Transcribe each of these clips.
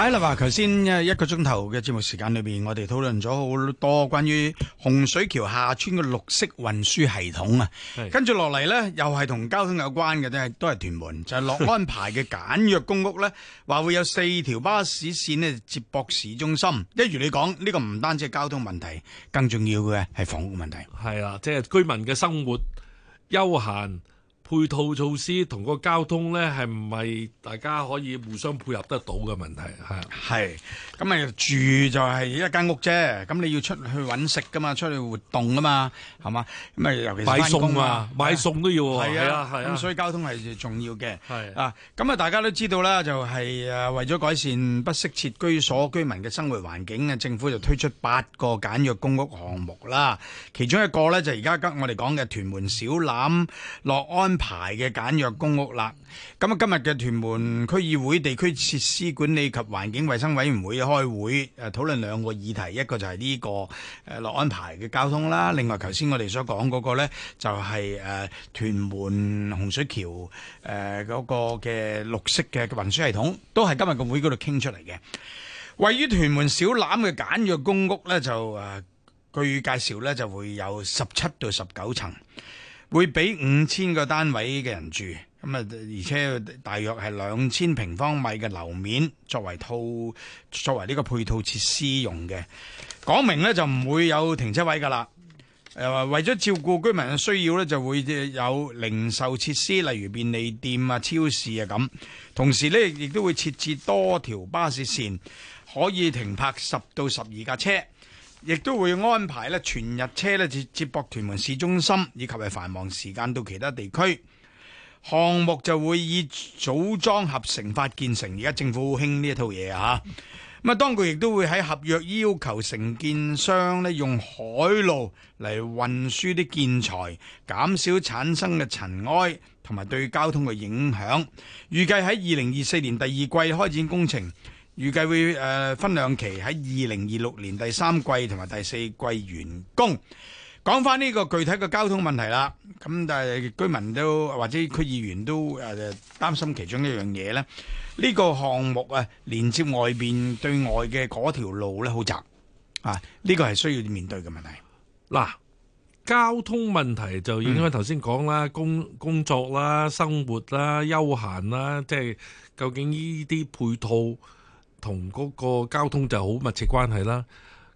係啦，頭先一個鐘頭嘅節目時間裏邊，我哋討論咗好多關於洪水橋下村嘅綠色運輸系統啊。跟住落嚟呢，又係同交通有關嘅都係屯門，就係樂安排嘅簡約公屋呢，話會有四條巴士線咧，接駁市中心。一如你講，呢個唔單止係交通問題，更重要嘅係房屋問題。係啦，即係居民嘅生活休閒。配套措施同個交通咧，係唔係大家可以互相配合得到嘅問題係？係咁啊，住就係一間屋啫，咁你要出去揾食噶嘛，出去活動噶嘛，係嘛？咁啊尤其是買餸嘛，買餸都要喎。係啊係啊，咁所以交通係重要嘅。係啊咁啊大家都知道啦，就係啊為咗改善不適切居所居民嘅生活環境啊，政府就推出八個簡約公屋項目啦。其中一個咧就而家跟我哋講嘅屯門小欖樂安排嘅簡約公屋啦，咁啊今日嘅屯門區議會地區設施管理及環境衛生委員會開會，誒討論兩個議題，一個就係呢個誒樂安排嘅交通啦，另外頭先我哋所講嗰個咧就係誒屯門洪水橋誒嗰個嘅綠色嘅運輸系統，都係今日個會嗰度傾出嚟嘅。位於屯門小欖嘅簡約公屋咧就誒據介紹咧就會有十七到十九層。會俾五千個單位嘅人住，咁啊，而且大約係兩千平方米嘅樓面作為套作為呢個配套設施用嘅。講明呢，就唔會有停車位㗎喇。誒，為咗照顧居民嘅需要呢就會有零售設施，例如便利店啊、超市啊咁。同時呢，亦都會設置多條巴士線，可以停泊十到十二架車。亦都會安排咧全日車咧接接駁屯門市中心，以及繁忙時間到其他地區。項目就會以組裝合成法建成，而家政府好興呢一套嘢啊！咁當局亦都會喺合約要求承建商咧用海路嚟運輸啲建材，減少產生嘅塵埃同埋對交通嘅影響。預計喺二零二四年第二季開展工程。預計會誒分兩期喺二零二六年第三季同埋第四季完工。講翻呢個具體嘅交通問題啦，咁但係居民都或者區議員都誒擔心其中一樣嘢呢，呢、呢個項目啊連接外邊對外嘅嗰條路呢，好窄啊，呢、呢個係需要面對嘅問題。嗱，交通問題就應該頭先講啦，工、嗯、工作啦、生活啦、休閒啦，即係究竟呢啲配套。同嗰個交通就好密切關係啦。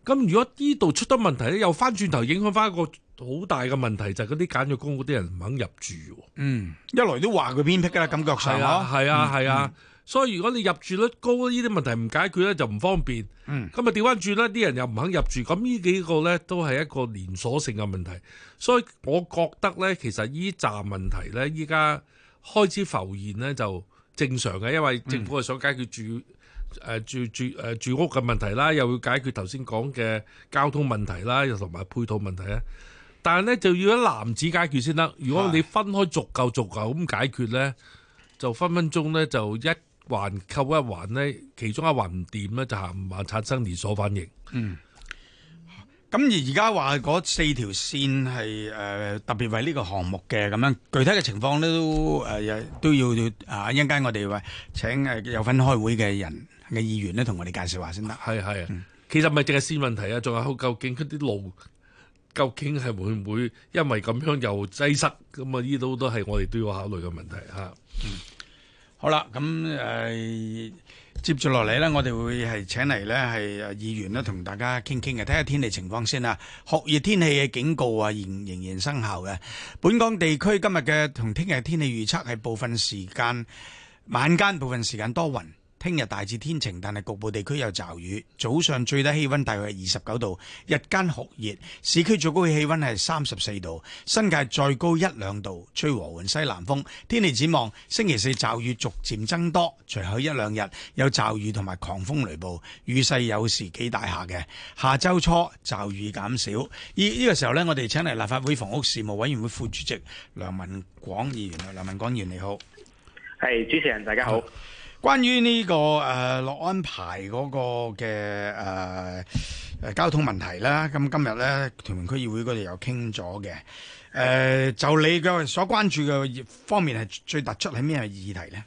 咁如果呢度出得問題咧，又翻轉頭影響翻一個好大嘅問題，就係嗰啲簡約公屋啲人唔肯入住。嗯，一來都話佢偏僻㗎啦，感覺上係、嗯、啊係啊，啊，啊、嗯，所以如果你入住率高，呢啲問題唔解決咧就唔方便。咁啊調翻轉啦，啲人又唔肯入住，咁呢幾個咧都係一個連鎖性嘅問題。所以我覺得咧，其實呢站問題咧，依家開始浮現咧就正常嘅，因為政府係想解決住。誒、啊，住住誒、啊，住屋嘅問題啦，又要解決頭先講嘅交通問題啦，又同埋配套問題啦。但係咧就要一籃子解決先得。如果你分開逐嚿逐嚿咁解決咧，就分分鐘咧就一環扣一環咧，其中一環唔掂咧，就行唔吓產生連鎖反應。嗯。咁而而家話嗰四條線係誒、呃、特別為呢個項目嘅咁樣，具體嘅情況咧都誒、呃、都要啊一陣間我哋話請誒、呃、有份開會嘅人。嘅議員咧，同我哋介紹下先得。係係、嗯，其實咪係淨係線問題啊，仲有究竟佢啲路究竟係會唔會因為咁樣又擠塞？咁啊，呢度都係我哋都要考慮嘅問題嚇、啊嗯。好啦，咁誒、呃、接住落嚟呢，我哋會係請嚟咧係議員呢，同、嗯、大家傾傾嘅。睇下天氣情況先啦。酷熱天氣嘅警告啊，仍仍然生效嘅。本港地區今日嘅同聽日天氣預測係部分時間，晚間部分時間多雲。聽日大致天晴，但係局部地區有驟雨。早上最低氣溫大約係二十九度，日間酷熱，市區最高氣溫係三十四度，新界再高一兩度，吹和緩西南風。天氣展望，星期四驟雨逐漸增多，隨後一兩日有驟雨同埋狂風雷暴，雨勢有時幾大下嘅。下周初驟雨減少。而呢個時候呢，我哋請嚟立法會房屋事務委員會副主席梁文廣議員，梁文廣議員你好，係、hey, 主持人，大家好。好關於呢、這個誒樂、呃、安排嗰個嘅誒、呃、交通問題啦，咁今日咧屯門區議會嗰度又傾咗嘅，誒、呃、就你嘅所關注嘅方面係最突出係咩議題咧？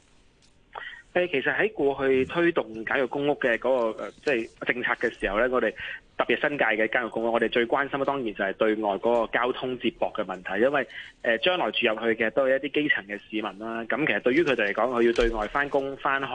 其實喺過去推動簡約公屋嘅嗰、那個即係、就是、政策嘅時候咧，我哋特別新界嘅簡約公屋，我哋最關心嘅當然就係對外嗰個交通接駁嘅問題，因為誒將來住入去嘅都係一啲基層嘅市民啦，咁其實對於佢哋嚟講，佢要對外返工返學。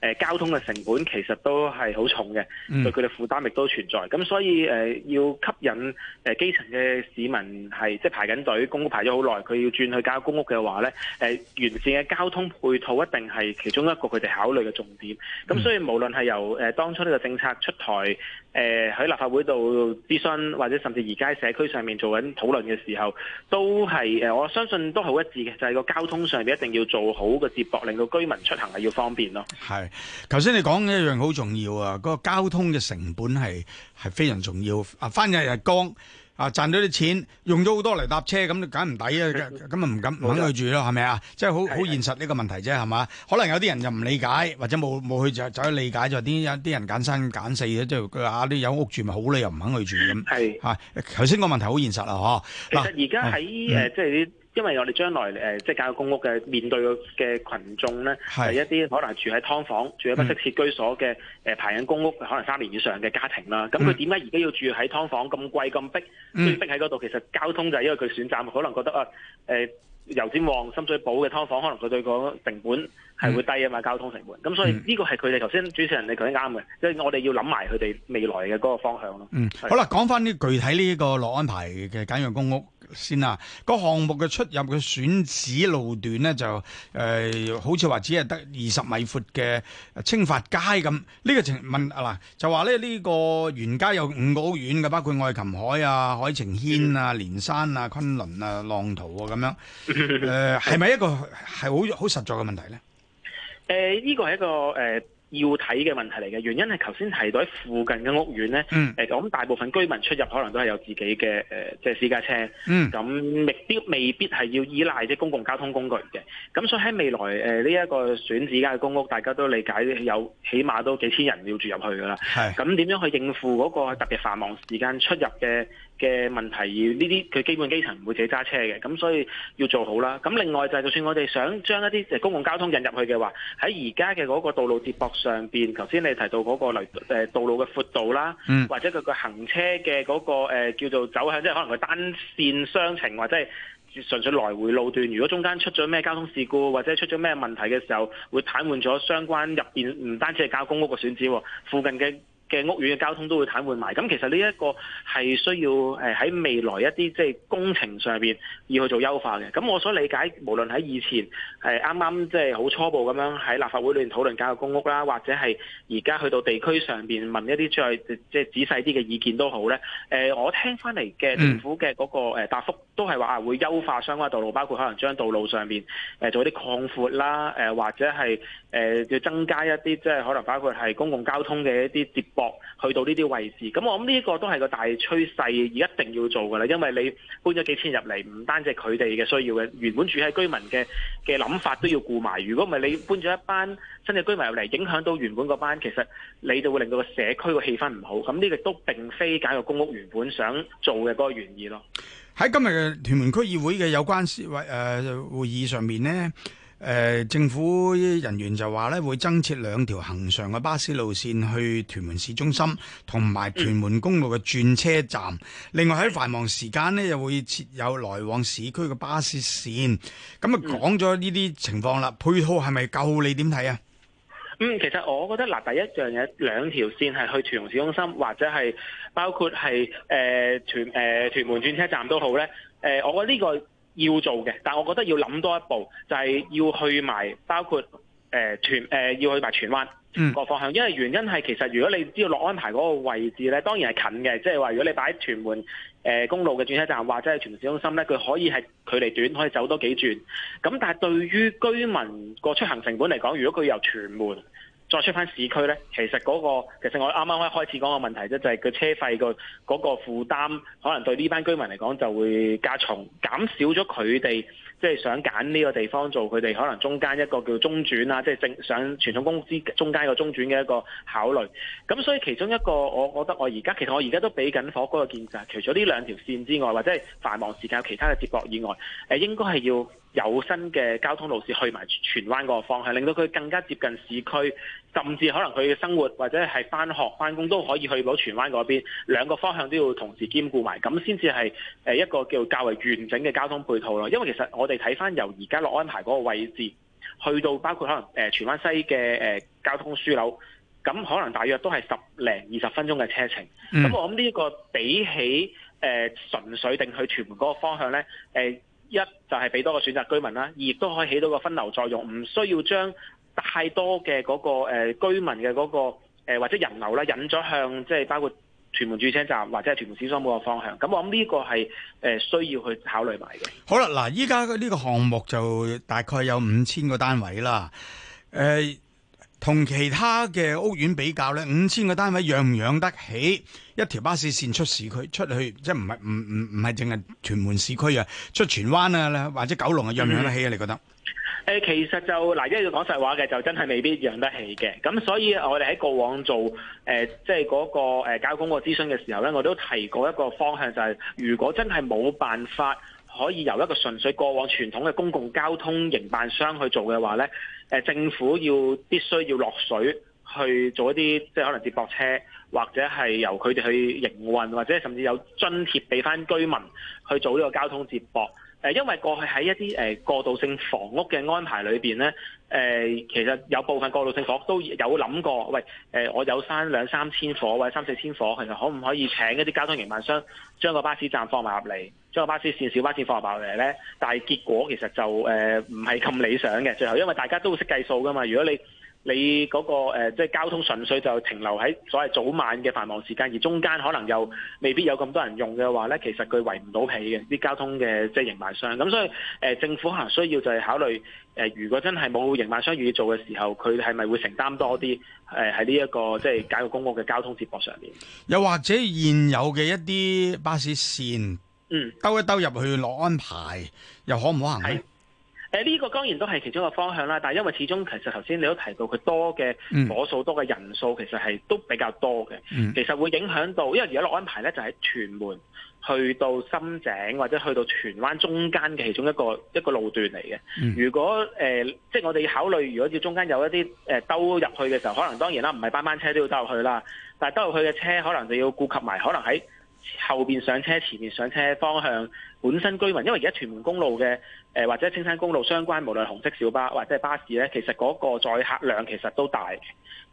誒交通嘅成本其實都係好重嘅，對佢哋負擔亦都存在。咁、嗯、所以誒、呃、要吸引、呃、基層嘅市民係即係排緊隊公屋排咗好耐，佢要轉去交公屋嘅話咧，誒、呃、完善嘅交通配套一定係其中一個佢哋考慮嘅重點。咁、嗯、所以無論係由誒、呃、當初呢個政策出台，誒、呃、喺立法會度諮詢，或者甚至而家社區上面做緊討論嘅時候，都係誒、呃、我相信都好一致嘅，就係、是、個交通上邊一定要做好個接駁，令到居民出行係要方便咯。係。頭先你講一樣好重要啊，嗰個交通嘅成本係係非常重要。啊，翻日日光啊，賺咗啲錢，用咗好多嚟搭車，咁梗唔抵啊！咁啊，唔敢唔肯去住咯，係咪啊？即係好好現實呢個問題啫，係嘛？可能有啲人就唔理解，或者冇冇去就走去理解咗啲一啲人揀三揀四嘅，即係佢話啲有屋住咪好你又唔肯去住咁。係啊，頭先個問題好現實啦，嗬、啊。其實，而家喺誒，即係啲。因為我哋將來、呃、即係教育公屋嘅面對嘅嘅羣眾咧，係一啲可能住喺劏房、住喺不適切居所嘅、嗯呃、排緊公屋可能三年以上嘅家庭啦。咁佢點解而家要住喺劏房咁貴咁逼，逼喺嗰度？其實交通就係因為佢選擇，可能覺得啊誒、呃、油尖旺、深水埗嘅劏房，可能佢對個成本係會低啊嘛、嗯，交通成本。咁所以呢個係佢哋頭先主持人你講啱嘅，即、嗯、係我哋要諗埋佢哋未來嘅嗰個方向咯。嗯，好啦，講返呢具體呢個樂安排嘅簡約公屋。先啦、啊，個項目嘅出入嘅選址路段呢，就誒、呃、好似話只係得二十米闊嘅青發街咁。呢、這個問啊嗱，就話咧呢個沿街有五個好遠嘅，包括愛琴海啊、海晴軒啊、嗯、連山啊、昆崙啊、浪濤啊咁樣。誒、呃，係 咪一個係好好實在嘅問題呢？誒、呃，呢個係一個誒。呃要睇嘅問題嚟嘅，原因係頭先提到喺附近嘅屋苑呢，咁、嗯呃、大部分居民出入可能都係有自己嘅、呃、即係私家車，咁、嗯、未必未必係要依賴啲公共交通工具嘅。咁所以喺未來呢一、呃呢個選址嘅公屋，大家都理解有起碼都幾千人要住入去㗎啦。咁點樣去應付嗰個特別繁忙時間出入嘅嘅問題，而呢啲佢基本基層唔會自己揸車嘅，咁所以要做好啦。咁另外就係、是，就算我哋想將一啲公共交通引入去嘅話，喺而家嘅嗰個道路接駁上面，頭先你提到嗰個嚟道路嘅闊度啦，或者佢個行車嘅嗰、那個、呃、叫做走向，即係可能佢單線雙程，或者係純粹來回路段。如果中間出咗咩交通事故，或者出咗咩問題嘅時候，會癱瘓咗相關入邊，唔單止係交公屋嘅選址喎，附近嘅嘅屋苑嘅交通都會癱瘓埋，咁其實呢一個係需要誒喺未來一啲即係工程上面要去做優化嘅。咁我所理解，無論喺以前誒啱啱即係好初步咁樣喺立法會裏面討論簡約公屋啦，或者係而家去到地區上面問一啲再即係、就是、仔細啲嘅意見都好咧。誒，我聽翻嚟嘅政府嘅嗰個誒答覆都係話會優化相關道路，包括可能將道路上面誒做啲擴闊啦，誒或者係誒要增加一啲即係可能包括係公共交通嘅一啲接。去到呢啲位置，咁我諗呢一個都係個大趨勢，而一定要做㗎啦。因為你搬咗幾千人入嚟，唔單止佢哋嘅需要嘅，原本住喺居民嘅嘅諗法都要顧埋。如果唔係你搬咗一班新嘅居民入嚟，影響到原本嗰班，其實你就會令到個社區個氣氛唔好。咁呢個都並非搞個公屋原本想做嘅嗰個原意咯。喺今日嘅屯門區議會嘅有關事委誒會議上面呢。誒、呃，政府人員就話咧，會增設兩條恆常嘅巴士路線去屯門市中心，同埋屯門公路嘅轉車站。嗯、另外喺繁忙時間呢又會設有來往市區嘅巴士線。咁啊，講咗呢啲情況啦，配套係咪夠？你點睇啊？嗯，其實我覺得嗱、呃，第一樣嘢，兩條線係去屯門市中心，或者係包括係誒、呃、屯誒、呃、屯門轉車站都好咧。誒、呃，我覺得呢、這個。要做嘅，但我覺得要諗多一步，就係、是、要去埋包括誒屯誒要去埋荃灣個方向，因為原因係其實如果你知道樂安排嗰個位置咧，當然係近嘅，即係話如果你擺喺屯門誒、呃、公路嘅轉車站，或者係屯門市中心咧，佢可以係距離短，可以走多幾轉，咁但係對於居民個出行成本嚟講，如果佢由屯門，再出翻市區呢，其實嗰個其實我啱啱開始講個問題啫，就係個車費個嗰個負擔，可能對呢班居民嚟講就會加重，減少咗佢哋即係想揀呢個地方做佢哋可能中間一個叫中轉啦，即係正上傳統公屋中間一個中轉嘅一個考慮。咁所以其中一個我覺得我而家其實我而家都俾緊火哥嘅建議，除咗呢兩條線之外，或者繁忙時間有其他嘅接駁以外，誒應該係要。有新嘅交通路線去埋荃灣嗰個方向，令到佢更加接近市區，甚至可能佢嘅生活或者係翻學翻工都可以去到荃灣嗰邊。兩個方向都要同時兼顧埋，咁先至係一個叫做較為完整嘅交通配套咯。因為其實我哋睇翻由而家樂安排嗰個位置，去到包括可能誒、呃、荃灣西嘅、呃、交通樞紐，咁可能大約都係十零二十分鐘嘅車程。咁、嗯、我諗呢一個比起誒、呃、純粹定去屯門嗰個方向咧，呃一就係、是、俾多個選擇居民啦，而亦都可以起到個分流作用，唔需要將太多嘅嗰、那個、呃、居民嘅嗰、那個、呃、或者人流啦引咗向，即係包括屯門主車站或者係屯門市商心個方向。咁我諗呢個係誒、呃、需要去考慮埋嘅。好啦，嗱，依家呢個項目就大概有五千個單位啦，誒、呃。同其他嘅屋苑比較咧，五千個單位養唔養得起一條巴士線出市區出去？即係唔係唔唔唔係淨係屯門市區啊？出荃灣啊或者九龍啊，養唔養得起啊、嗯？你覺得？其實就嗱，一係講實話嘅，就真係未必養得起嘅。咁所以我哋喺過往做即係嗰個交通個諮詢嘅時候咧，我都提過一個方向、就係，就係如果真係冇辦法可以由一個純粹過往傳統嘅公共交通營辦商去做嘅話咧。政府要必須要落水去做一啲即係可能接駁車，或者係由佢哋去營運，或者甚至有津貼俾翻居民去做呢個交通接駁。誒，因為過去喺一啲誒、呃、過渡性房屋嘅安排裏邊咧，誒、呃、其實有部分過渡性房屋都有諗過，喂，誒、呃、我有返兩三千伙或者三四千伙，其實可唔可以請一啲交通營辦商將個巴士站放埋入嚟，將個巴士線、小巴士放埋入嚟咧？但係結果其實就誒唔係咁理想嘅，最後因為大家都識計數噶嘛，如果你。你嗰、那個、呃、即係交通純粹就停留喺所謂早晚嘅繁忙時間，而中間可能又未必有咁多人用嘅話咧，其實佢維唔到皮嘅啲交通嘅即係營運商。咁所以誒、呃，政府可能需要就係考慮誒、呃，如果真係冇營運商願意做嘅時候，佢係咪會承擔多啲誒喺呢一、呃這個即係解決公屋嘅交通接駁上面？又或者現有嘅一啲巴士線，嗯，兜一兜入去樂安排，又可唔可行咧？呢、這個當然都係其中一個方向啦，但係因為始終其實頭先你都提到佢多嘅伙數、嗯、多嘅人數，其實係都比較多嘅、嗯。其實會影響到，因為而家樂安排咧就喺屯門去到深井或者去到荃灣中間嘅其中一個一個路段嚟嘅、嗯。如果誒、呃，即係我哋要考慮，如果要中間有一啲誒、呃、兜入去嘅時候，可能當然啦，唔係班班車都要兜入去啦，但兜入去嘅車可能就要顧及埋可能喺。後面上車，前面上車方向本身居民，因為而家屯門公路嘅、呃、或者青山公路相關，無論紅色小巴或者係巴士呢，其實嗰個載客量其實都大。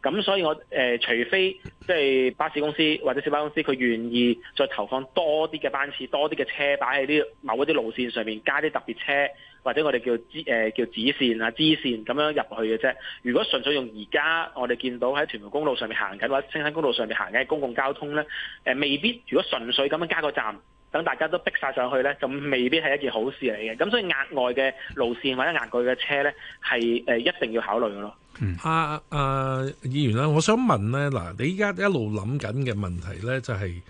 咁所以我誒、呃，除非即係巴士公司或者小巴公司佢願意再投放多啲嘅班次、多啲嘅車擺喺啲某一啲路線上面，加啲特別車。或者我哋叫支、呃、叫支線啊、支線咁樣入去嘅啫。如果純粹用而家我哋見到喺屯門公路上面行緊或者青山公路上面行緊公共交通呢，呃、未必如果純粹咁樣加個站，等大家都逼晒上去呢，咁未必係一件好事嚟嘅。咁所以額外嘅路線或者額外嘅車呢，係、呃、一定要考慮咯。嗯，啊阿、啊、議員呢，我想問呢，嗱，你依家一路諗緊嘅問題呢，就係、是。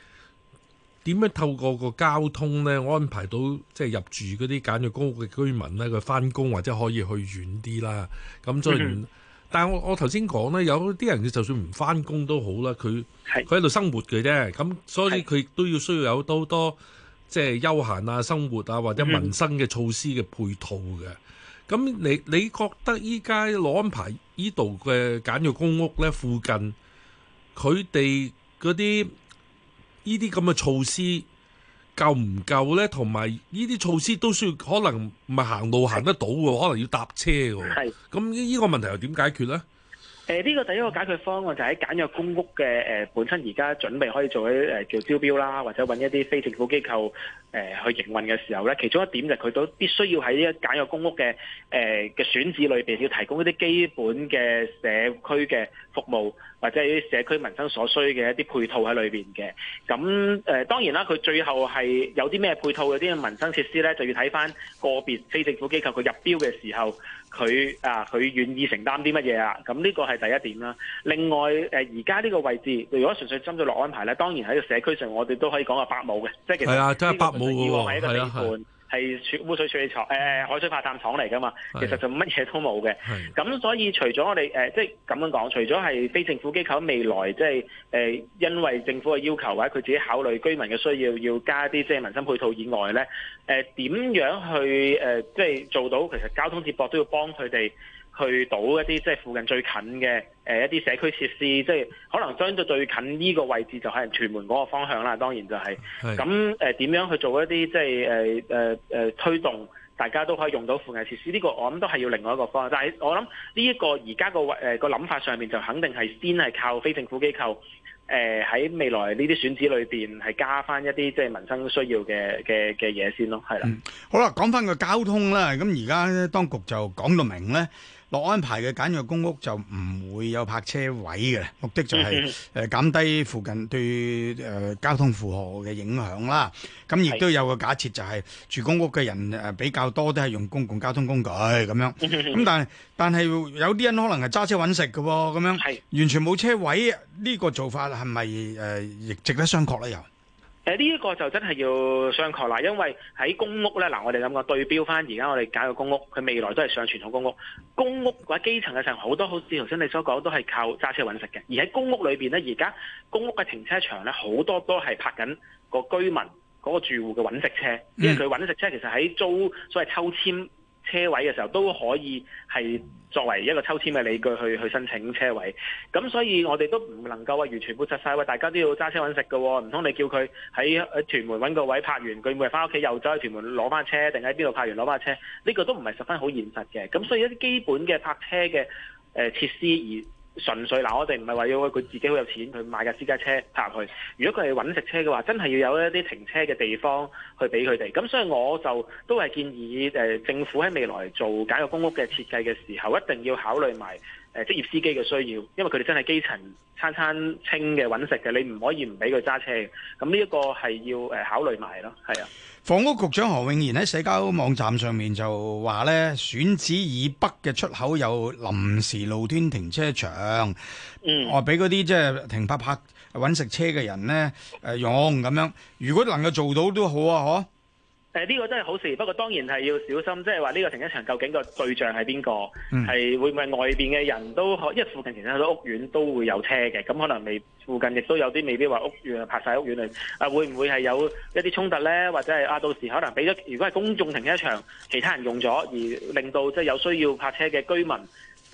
點樣透過個交通咧安排到即係、就是、入住嗰啲簡約公屋嘅居民咧，佢翻工或者可以去遠啲啦。咁再、嗯，但係我我頭先講咧，有啲人佢就算唔翻工都好啦，佢佢喺度生活嘅啫。咁所以佢都要需要有多好多即係休閒啊、生活啊或者民生嘅措施嘅配套嘅。咁、嗯、你你覺得依家攞安排依度嘅簡約公屋咧附近，佢哋嗰啲？呢啲咁嘅措施夠唔夠咧？同埋呢啲措施都需要可能唔係行路行得到嘅，可能要搭車喎。係。咁呢個問題又點解決咧？誒、呃、呢、這個第一個解決方案就喺簡約公屋嘅誒、呃、本身而家準備可以做啲誒、呃、做招標啦，或者揾一啲非政府機構誒、呃、去營運嘅時候咧，其中一點就佢都必須要喺呢一簡約公屋嘅誒嘅選址裏邊要提供一啲基本嘅社區嘅服務。或者啲社區民生所需嘅一啲配套喺裏邊嘅，咁誒、呃、當然啦，佢最後係有啲咩配套嘅民生設施咧，就要睇翻個別非政府機構佢入標嘅時候，佢啊佢願意承擔啲乜嘢啊，咁呢個係第一點啦。另外誒，而家呢個位置，如果純粹針對樂安排咧，當然喺個社區上，我哋都可以講啊百冇嘅，即係其實呢個以往係一個地盤，啊。係污水處理廠，誒、呃、海水化淡廠嚟噶嘛，其實就乜嘢都冇嘅。咁所以除咗我哋誒，即係咁樣講，除咗係非政府機構未來即係誒，因為政府嘅要求或者佢自己考慮居民嘅需要，要加啲即係民生配套以外呢，誒點樣去誒，即、呃、係、就是、做到其實交通接駁都要幫佢哋。去到一啲即係附近最近嘅、呃、一啲社區設施，即、就、係、是、可能相對最近呢個位置就係屯門嗰個方向啦。當然就係咁誒，點樣、呃、樣去做一啲即係誒、呃呃、推動，大家都可以用到附近設施呢、這個，我諗都係要另外一個方向。但係我諗呢一個而家、呃、那個位諗法上面就肯定係先係靠非政府機構誒喺、呃、未來呢啲選址裏面係加翻一啲即係民生需要嘅嘅嘅嘢先咯，係啦、嗯。好啦，講翻個交通啦，咁而家當局就講到明咧。樂安排嘅簡約公屋就唔會有泊車位嘅，目的就係誒減低附近對交通負荷嘅影響啦。咁亦都有個假設就係住公屋嘅人比較多都係用公共交通工具咁樣。咁但係但係有啲人可能係揸車搵食嘅喎，咁樣完全冇車位呢個做法係咪誒亦值得商榷咧？又？誒呢一個就真係要商榷啦，因為喺公屋咧，嗱，我哋諗個對標翻而家我哋搞嘅公屋，佢未來都係上傳統公屋。公屋嘅基層嘅時候，好多好似頭先你所講，都係靠揸車揾食嘅。而喺公屋裏面咧，而家公屋嘅停車場咧，好多都係泊緊個居民嗰個住戶嘅揾食車，因為佢揾食車其實喺租所謂抽籤車位嘅時候都可以係作為一個抽籤嘅理據去去申請車位，咁所以我哋都唔能夠話完全抹殺晒，喂大家都要揸車揾食嘅喎、哦，唔通你叫佢喺屯門揾個位泊完，佢每日翻屋企又走去屯門攞翻車，定喺邊度泊完攞翻車？呢、這個都唔係十分好現實嘅，咁所以一啲基本嘅泊車嘅誒、呃、設施而。純粹嗱，我哋唔係為咗佢自己好有錢去買架私家車入去。如果佢係揾食車嘅話，真係要有一啲停車嘅地方去俾佢哋。咁所以我就都係建議誒政府喺未來做簡約公屋嘅設計嘅時候，一定要考慮埋。誒、呃、職業司機嘅需要，因為佢哋真係基層餐餐清嘅揾食嘅，你唔可以唔俾佢揸車。咁呢一個係要、呃、考慮埋咯，係啊。房屋局長何永賢喺社交網站上面就話呢，選址以北嘅出口有臨時露天停車場，我俾嗰啲即係停泊泊揾食車嘅人呢誒、呃、用咁樣，如果能夠做到都好啊，呵。誒、這、呢個真係好事，不過當然係要小心，即係話呢個停車場究竟個對象係邊個，係、嗯、會唔會外邊嘅人都可？因為附近其實好多屋苑都會有車嘅，咁可能未附近亦都有啲未必話屋苑啊，泊曬屋苑嚟啊，會唔會係有一啲衝突呢？或者係啊，到時可能俾咗，如果係公眾停車場，其他人用咗而令到即係有需要泊車嘅居民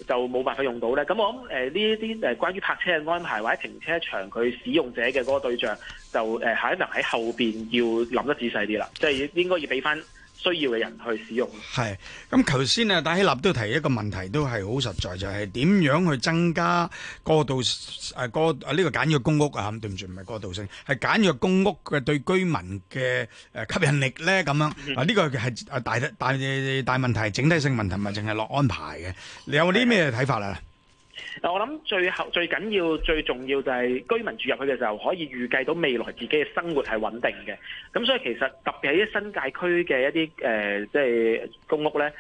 就冇辦法用到呢？咁我諗誒呢一啲誒關於泊車嘅安排或者停車場佢使用者嘅嗰個對象。就誒，下一喺後面要諗得仔細啲啦，即、就、係、是、應該要俾翻需要嘅人去使用。係，咁頭先啊，戴希立都提一個問題，都係好實在，就係、是、點樣去增加過渡誒呢、啊啊這個簡約公屋啊？唔，對唔住，唔係過渡性，係簡約公屋嘅對居民嘅吸引力咧，咁樣、嗯、啊，呢、這個係大大大問題，整體性問題，咪係淨係落安排嘅。你有啲咩睇法啊？我諗最後最緊要最重要就係，居民住入去嘅時候，可以預計到未來自己嘅生活係穩定嘅。咁所以其實特別係啲新界區嘅一啲誒，即係公屋咧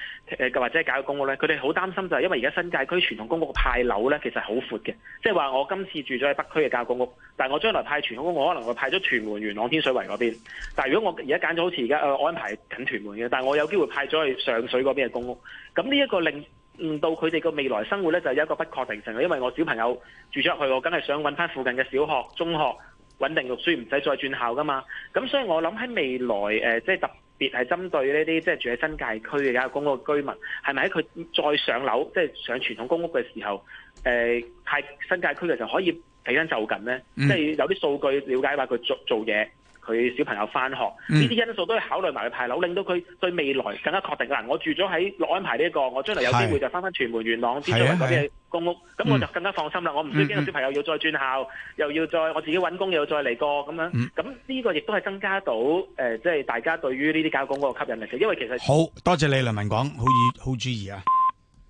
或者係舊公屋咧，佢哋好擔心就係因為而家新界區傳統公屋派樓咧，其實好闊嘅。即係話我今次住咗喺北區嘅舊公屋，但係我將來派傳統公屋我可能會派咗屯門、元朗、天水圍嗰邊。但係如果我而家揀咗好似而家我安排緊屯門嘅，但係我有機會派咗去上水嗰邊嘅公屋。咁呢一個令唔到佢哋個未來生活咧，就有一個不確定性。因為我小朋友住咗入去，我梗係想搵翻附近嘅小學、中學穩定讀書，唔使再轉校噶嘛。咁所以我諗喺未來即係、呃、特別係針對呢啲即係住喺新界區嘅家公屋居民，係咪喺佢再上樓，即、就、係、是、上傳統公屋嘅時候，誒、呃、派新界區嘅就可以睇翻就近咧、嗯？即係有啲數據了解話佢做做嘢。佢小朋友翻學呢啲因素都要考慮埋去派樓，令到佢對未來更加確定嘅、啊、我住咗喺樂安排呢、這、一個，我將來有機會就翻翻屯門元朗、尖沙咀嗰啲公屋，咁、啊啊、我就更加放心啦。嗯、我唔需要驚小朋友要再轉校，嗯嗯又要再我自己揾工又要，又再嚟過咁樣。咁、嗯、呢個亦都係增加到誒，即、呃、係、就是、大家對於呢啲教工嗰個吸引力嘅。因為其實好多謝梁文廣講好意好主意啊！